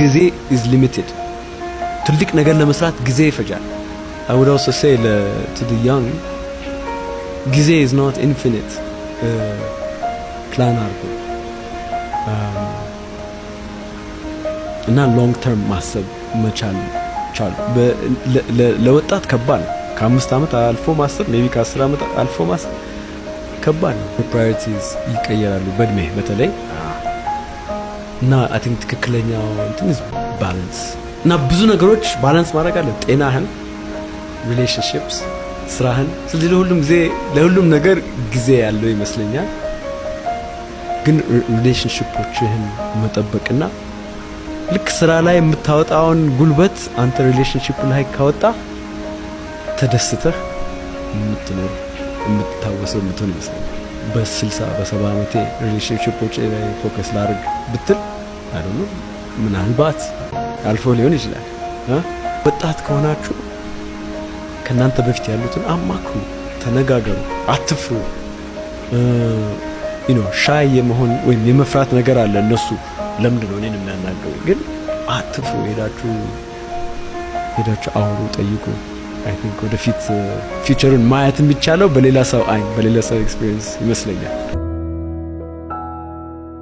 ጊዜ ኢዝ ሊሚትድ። ትልቅ ነገር ለመስራት ጊዜ ይፈጃል። አይ ውድ አልሶ ሴይ ቱ ዘ ያንግ ጊዜ ኢዝ ኖት ኢንፊኒት። ፕላን አርጉ እና ሎንግ ተርም ማሰብ መቻል ቻሉ። ለወጣት ከባድ ነው። ከአምስት ዓመት አልፎ ማሰብ ሜይ ቢ ከአስር ዓመት አልፎ ማሰብ ከባድ ነው። ፕራዮሪቲዝ ይቀየራሉ በእድሜ በተለይ እና አይ ቲንክ ትክክለኛው እንትን ባላንስ እና ብዙ ነገሮች ባላንስ ማድረግ አለ። ጤናህን፣ ሪሌሽንሽፕስ፣ ስራህን። ስለዚህ ለሁሉም ጊዜ ለሁሉም ነገር ጊዜ ያለው ይመስለኛል። ግን ሪሌሽንሽፖችህን መጠበቅና ልክ ስራ ላይ የምታወጣውን ጉልበት አንተ ሪሌሽንሽፕ ላይ ካወጣ ተደስተህ የምትኖር የምትታወሰው የምትሆን ይመስለኛል። በስልሳ በሰባ በ70 ዓመቴ ሪሌሽንሽፖች ላይ ፎከስ ላድርግ ብትል አይደሉ ምናልባት አልፎ ሊሆን ይችላል። ወጣት ከሆናችሁ ከእናንተ በፊት ያሉትን አማክሩ፣ ተነጋገሩ፣ አትፍሩ። ሻይ የመሆን ወይም የመፍራት ነገር አለ። እነሱ ለምንድን ነው እኔን የሚያናገሩ? ግን አትፍሩ፣ ሄዳችሁ ሄዳችሁ አውሩ፣ ጠይቁ። አይ ቲንክ ወደፊት ፊውቸሩን uh, ማየት የሚቻለው በሌላ ሰው አይን በሌላ ሰው ኤክስፒሪየንስ ይመስለኛል።